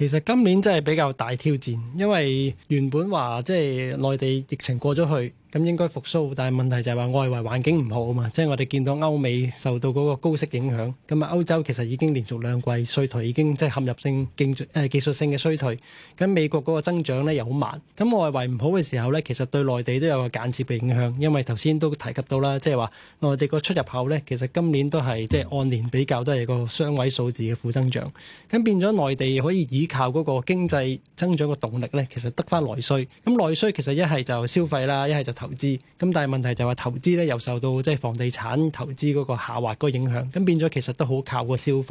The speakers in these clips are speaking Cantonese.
其實今年真係比較大挑戰，因為原本話即係內地疫情過咗去。咁應該復甦，但係問題就係話外圍環境唔好啊嘛，即係我哋見到歐美受到嗰個高息影響，咁啊歐洲其實已經連續兩季衰退，已經即係陷入性競誒技術性嘅衰退。咁美國嗰個增長呢又好慢，咁外圍唔好嘅時候呢，其實對內地都有個間接嘅影響，因為頭先都提及到啦，即係話內地個出入口呢，其實今年都係、嗯、即係按年比較都係個雙位數字嘅負增長，咁變咗內地可以依靠嗰個經濟增長嘅動力呢，其實得返內需，咁內需其實一係就消費啦，一係就投資咁，但係問題就係話投資咧，又受到即係房地產投資嗰個下滑嗰個影響，咁變咗其實都好靠個消費。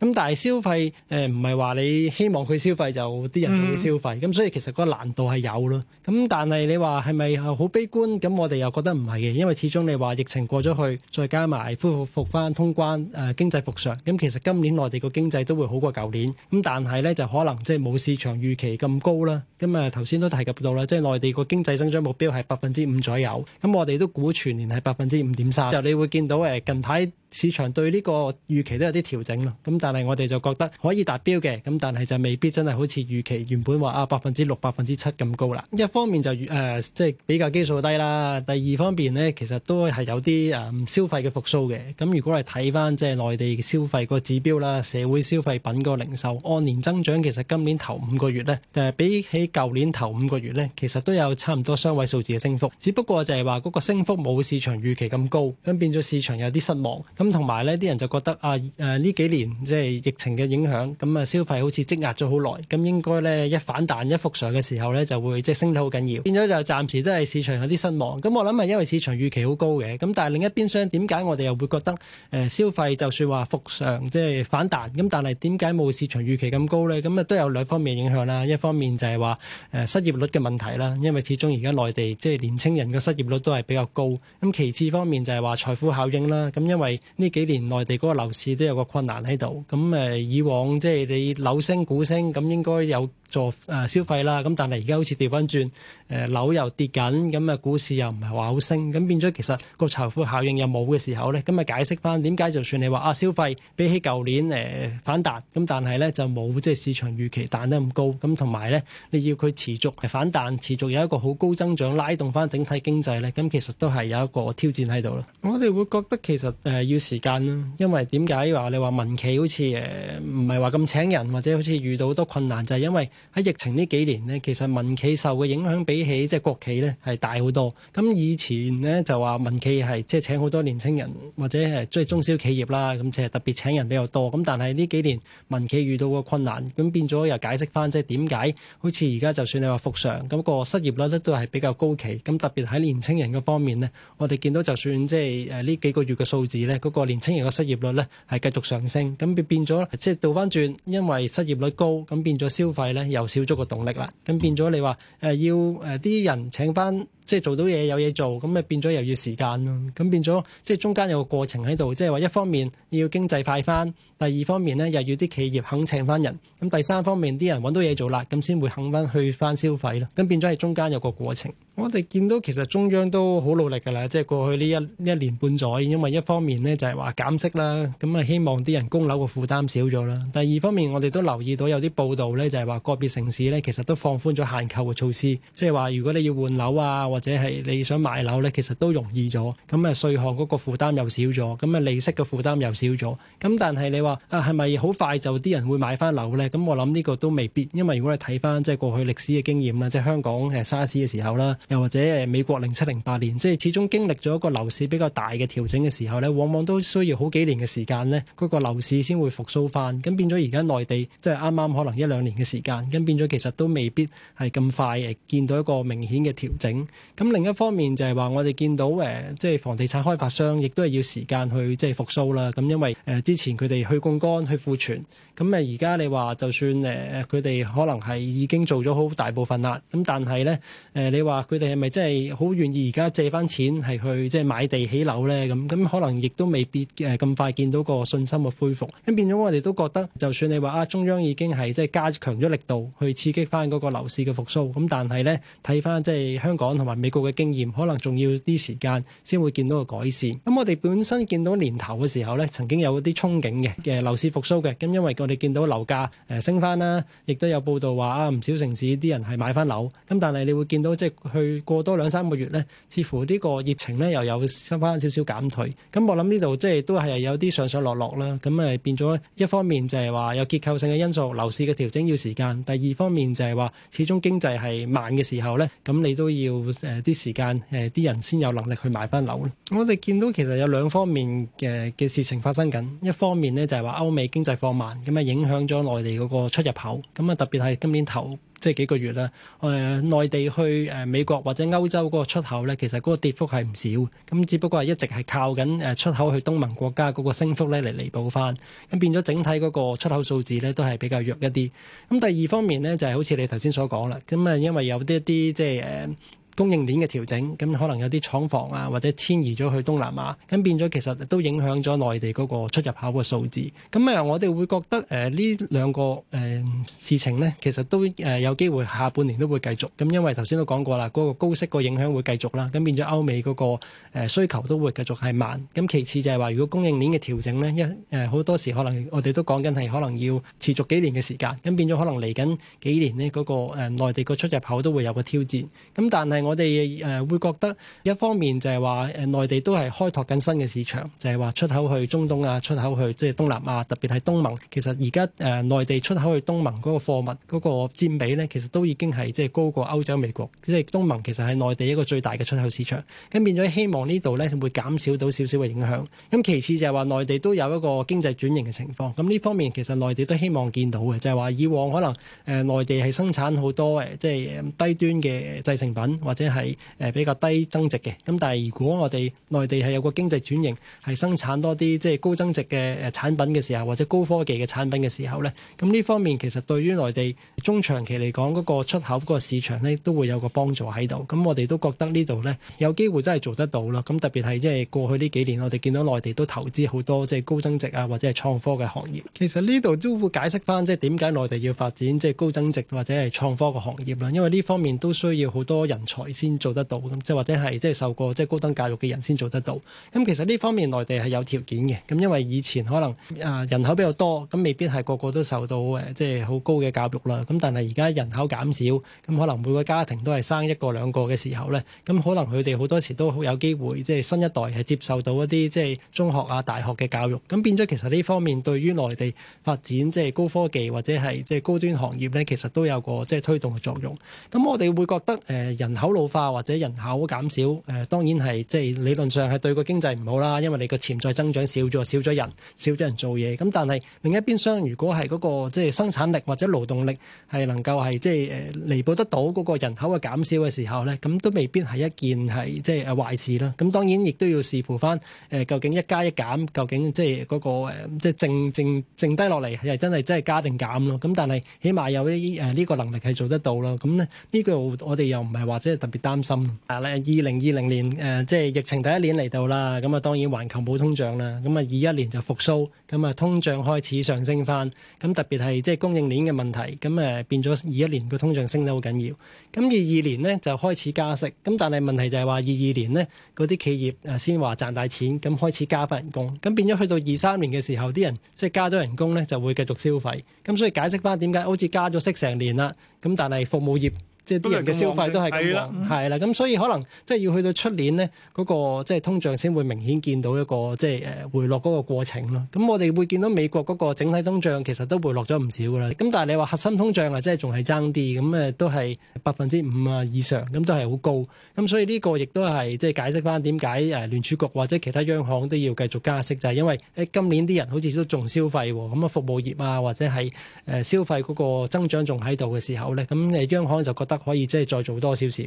咁但係消費誒唔係話你希望佢消費就啲人就會消費，咁所以其實個難度係有咯。咁但係你話係咪好悲觀？咁我哋又覺得唔係嘅，因為始終你話疫情過咗去，再加埋恢復翻通關誒經濟復常，咁其實今年內地個經濟都會好過舊年。咁但係咧就可能即係冇市場預期咁高啦。咁啊頭先都提及到啦，即係內地個經濟增長目標係百分之五。五左右，咁我哋都估全年係百分之五點三。就你會見到誒近排市場對呢個預期都有啲調整啦。咁但係我哋就覺得可以達標嘅，咁但係就未必真係好似預期原本話啊百分之六、百分之七咁高啦。一方面就誒即係比較基數低啦，第二方面呢其實都係有啲誒、嗯、消費嘅復甦嘅。咁如果係睇翻即係內地消費個指標啦，社會消費品個零售按年增長，其實今年頭五個月呢，誒、呃、比起舊年頭五個月呢，其實都有差唔多雙位數字嘅升幅。只不過就係話嗰個升幅冇市場預期咁高，咁變咗市場有啲失望。咁同埋呢啲人就覺得啊，誒、啊、呢幾年即係、就是、疫情嘅影響，咁啊消費好似積壓咗好耐，咁應該呢，一反彈一復上嘅時候呢，就會即係升得好緊要。變咗就暫時都係市場有啲失望。咁我諗係因為市場預期好高嘅，咁但係另一邊廂點解我哋又會覺得誒消費就算話復上即係反彈，咁但係點解冇市場預期咁高呢？咁啊都有兩方面影響啦。一方面就係話誒失業率嘅問題啦，因為始終而家內地即係年輕。人嘅失業率都係比較高，咁其次方面就係話財富效應啦。咁因為呢幾年內地嗰個樓市都有個困難喺度，咁誒以往即係你樓升股升，咁應該有。做、呃、消費啦，咁但係而家好似調翻轉，誒、呃、樓又跌緊，咁啊股市又唔係話好升，咁變咗其實個財富效應又冇嘅時候咧，咁啊解釋翻點解就算你話啊消費比起舊年誒、呃、反彈，咁但係咧就冇即係市場預期彈得咁高，咁同埋咧你要佢持續係反彈，持續有一個好高增長拉動翻整體經濟咧，咁其實都係有一個挑戰喺度咯。我哋會覺得其實誒、呃、要時間咯，因為點解話你話民企好似誒唔係話咁請人，或者好似遇到好多困難，就係、是、因為。喺疫情呢幾年呢，其實民企受嘅影響比起即係國企呢係大好多。咁以前呢，就話民企係即係請好多年青人，或者係即係中小企業啦，咁就特別請人比較多。咁但係呢幾年民企遇到嘅困難，咁變咗又解釋翻即係點解。好似而家就算你話復常，咁個失業率都係比較高企。咁特別喺年青人嘅方面呢，我哋見到就算即係誒呢幾個月嘅數字呢，嗰個年青人嘅失業率呢係繼續上升。咁變咗即係倒翻轉，因為失業率高，咁變咗消費呢。有少咗個動力啦，咁變咗你話誒要誒啲人請翻。即係做到嘢有嘢做，咁咪變咗又要時間咯。咁變咗即係中間有個過程喺度，即係話一方面要經濟快翻，第二方面呢又要啲企業肯請翻人，咁第三方面啲人揾到嘢做啦，咁先會肯翻去翻消費咯。咁變咗係中間有個過程。 我哋見到其實中央都好努力㗎啦，即係過去呢一一年半載，因為一方面呢就係話減息啦，咁啊希望啲人供樓嘅負擔少咗啦。第二方面我哋都留意到有啲報道呢，就係話個別城市呢其實都放寬咗限購嘅措施，即係話如果你要換樓啊。或者係你想買樓呢，其實都容易咗。咁啊，稅項嗰個負擔又少咗，咁啊，利息嘅負擔又少咗。咁但係你話啊，係咪好快就啲人會買翻樓呢？咁我諗呢個都未必，因為如果你睇翻即係過去歷史嘅經驗啦，即係香港誒沙士嘅時候啦，又或者誒美國零七零八年，即係始終經歷咗一個樓市比較大嘅調整嘅時候呢，往往都需要好幾年嘅時間呢，嗰個樓市先會復甦翻。咁變咗而家內地即係啱啱可能一兩年嘅時間，咁變咗其實都未必係咁快誒見到一個明顯嘅調整。咁另一方面就係話，我哋見到誒，即係房地產開發商亦都係要時間去即係復甦啦。咁因為誒之前佢哋去槓桿去庫存，咁誒而家你話就算誒佢哋可能係已經做咗好大部分啦，咁但係咧誒你話佢哋係咪真係好願意而家借翻錢係去即係買地起樓咧？咁咁可能亦都未必誒咁快見到個信心嘅恢復。咁變咗我哋都覺得，就算你話啊，中央已經係即係加強咗力度去刺激翻嗰個樓市嘅復甦，咁但係咧睇翻即係香港同埋，美國嘅經驗可能仲要啲時間先會見到個改善。咁我哋本身見到年頭嘅時候呢，曾經有啲憧憬嘅、嘅樓市復甦嘅。咁因為我哋見到樓價誒升翻啦，亦都有報道話啊唔少城市啲人係買翻樓。咁但係你會見到即係去過多兩三個月呢，似乎呢個熱情呢又有收翻少少減退。咁我諗呢度即係都係有啲上上落落啦。咁誒變咗一方面就係話有結構性嘅因素，樓市嘅調整要時間。第二方面就係話始終經濟係慢嘅時候呢，咁你都要。誒啲、呃、時間，誒、呃、啲人先有能力去買翻樓咧。 我哋見到其實有兩方面嘅嘅、呃、事情發生緊。一方面呢，就係、是、話歐美經濟放慢，咁、嗯、啊影響咗內地嗰個出入口。咁、嗯、啊特別係今年頭即係、就是、幾個月啦，誒、呃、內地去誒、呃、美國或者歐洲嗰個出口呢，其實嗰個跌幅係唔少。咁、嗯、只不過係一直係靠緊誒出口去東盟國家嗰個升幅咧嚟彌補翻。咁、嗯、變咗整體嗰個出口數字呢，都係比較弱一啲。咁、嗯、第二方面呢，就係、是、好似你頭先所講啦。咁、嗯、啊因為有啲啲即係誒。呃呃呃呃供應鏈嘅調整，咁可能有啲廠房啊，或者遷移咗去東南亞，咁變咗其實都影響咗內地嗰個出入口嘅數字。咁啊，我哋會覺得誒呢、呃、兩個誒、呃、事情呢，其實都誒有機會下半年都會繼續。咁因為頭先都講過啦，嗰、那個高息個影響會繼續啦，咁變咗歐美嗰、那個、呃、需求都會繼續係慢。咁其次就係話，如果供應鏈嘅調整呢，一誒好多時可能我哋都講緊係可能要持續幾年嘅時間，咁變咗可能嚟緊幾年呢，嗰、那個誒、呃、內地個出入口都會有個挑戰。咁但係，我哋誒會覺得一方面就係話誒內地都係開拓緊新嘅市場，就係話出口去中東啊，出口去即係東南亞，特別係東盟。其實而家誒內地出口去東盟嗰個貨物嗰個佔比呢，其實都已經係即係高過歐洲美國。即係東盟其實係內地一個最大嘅出口市場。咁變咗希望呢度呢會減少到少少嘅影響。咁其次就係話內地都有一個經濟轉型嘅情況。咁呢方面其實內地都希望見到嘅，就係話以往可能誒內地係生產好多誒即係低端嘅製成品。或者係誒比較低增值嘅，咁但係如果我哋內地係有個經濟轉型，係生產多啲即係高增值嘅誒產品嘅時候，或者高科技嘅產品嘅時候咧，咁呢方面其實對於內地中長期嚟講，嗰個出口嗰個市場咧都會有個幫助喺度。咁我哋都覺得呢度咧有機會都係做得到囉。咁特別係即係過去呢幾年，我哋見到內地都投資好多即係高增值啊，或者係創科嘅行業。其實呢度都會解釋翻即係點解內地要發展即係高增值或者係創科嘅行業啦。因為呢方面都需要好多人才。先做得到咁，即係或者係即係受過即係高等教育嘅人先做得到。咁其實呢方面內地係有條件嘅。咁因為以前可能啊人口比較多，咁未必係個個都受到誒即係好高嘅教育啦。咁但係而家人口減少，咁可能每個家庭都係生一個兩個嘅時候咧，咁可能佢哋好多時都好有機會，即係新一代係接受到一啲即係中學啊、大學嘅教育。咁變咗其實呢方面對於內地發展即係高科技或者係即係高端行業咧，其實都有個即係推動嘅作用。咁我哋會覺得誒人口。老化或者人口減少，誒、呃、當然係即係理論上係對個經濟唔好啦，因為你個潛在增長少咗，少咗人，少咗人做嘢。咁、嗯、但係另一邊廂，如果係嗰、那個即係、就是、生產力或者勞動力係能夠係即係誒彌補得到嗰個人口嘅減少嘅時候咧，咁都未必係一件係即係壞事啦。咁、嗯、當然亦都要視乎返誒、呃、究竟一加一減，究竟即係嗰個即係淨淨淨低落嚟係真係真係加定減咯。咁、嗯、但係起碼有啲誒呢個能力係做得到啦。咁咧呢個我哋又唔係或者。就是特別擔心啊。二零二零年誒，即係疫情第一年嚟到啦，咁啊，當然環球冇通脹啦。咁啊，二一年就復蘇，咁啊，通脹開始上升翻。咁特別係即係供應鏈嘅問題，咁誒變咗二一年個通脹升得好緊要。咁二二年呢，就開始加息，咁但係問題就係話二二年呢，嗰啲企業誒先話賺大錢，咁開始加翻人工，咁變咗去到二三年嘅時候，啲人即係加咗人工呢，就會繼續消費。咁所以解釋翻點解好似加咗息成年啦，咁但係服務業。即係啲人嘅消費都係咁旺，係啦，咁所以可能即係要去到出年呢，嗰個即係通脹先會明顯見到一個即係誒回落嗰個過程咯。咁我哋會見到美國嗰個整體通脹其實都回落咗唔少噶啦。咁但係你話核心通脹啊，即係仲係爭啲，咁誒都係百分之五啊以上，咁都係好高。咁所以呢個亦都係即係解釋翻點解誒聯儲局或者其他央行都要繼續加息，就係因為喺今年啲人好似都仲消費，咁啊服務業啊或者係誒消費嗰個增長仲喺度嘅時候咧，咁誒央行就覺得。可以即係再做多少少。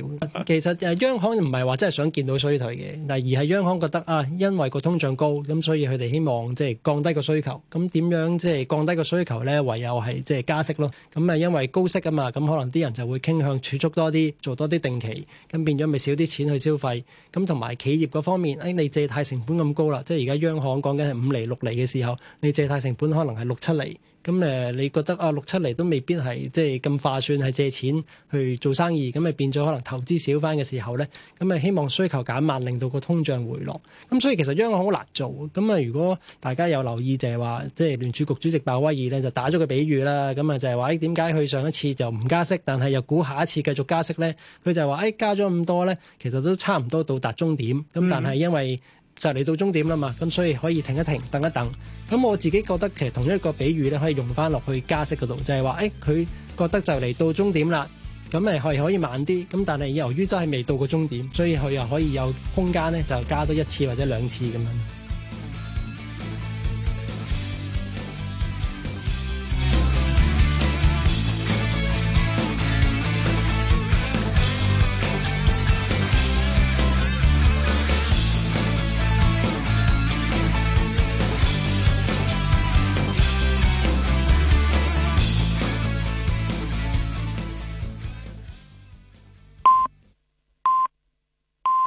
其實誒，央行唔係話真係想見到衰退嘅，嗱而係央行覺得啊，因為個通脹高，咁所以佢哋希望即係降低個需求。咁點樣即係降低個需求呢？唯有係即係加息咯。咁啊，因為高息啊嘛，咁可能啲人就會傾向儲蓄多啲，做多啲定期。咁變咗咪少啲錢去消費。咁同埋企業嗰方面，誒你借貸成本咁高啦，即係而家央行講緊係五厘、六厘嘅時候，你借貸成本可能係六七厘。咁誒，你覺得啊，六七厘都未必係即係咁化算，係借錢去做生意，咁咪變咗可能投資少翻嘅時候咧，咁咪希望需求減慢，令到個通脹回落。咁所以其實央行好難做。咁啊，如果大家有留意就係話，即係聯儲局主席鮑威爾咧，就打咗個比喻啦。咁啊，就係話，點解佢上一次就唔加息，但係又估下一次繼續加息咧？佢就係話，誒、哎、加咗咁多咧，其實都差唔多到達終點。咁但係因為、嗯就嚟到終點啦嘛，咁所以可以停一停，等一等。咁我自己覺得其實同一個比喻咧，可以用翻落去加息嗰度，就係話，誒，佢覺得就嚟到終點啦，咁咪可以可以慢啲。咁但係由於都係未到過終點，所以佢又可以有空間咧，就加多一次或者兩次咁樣。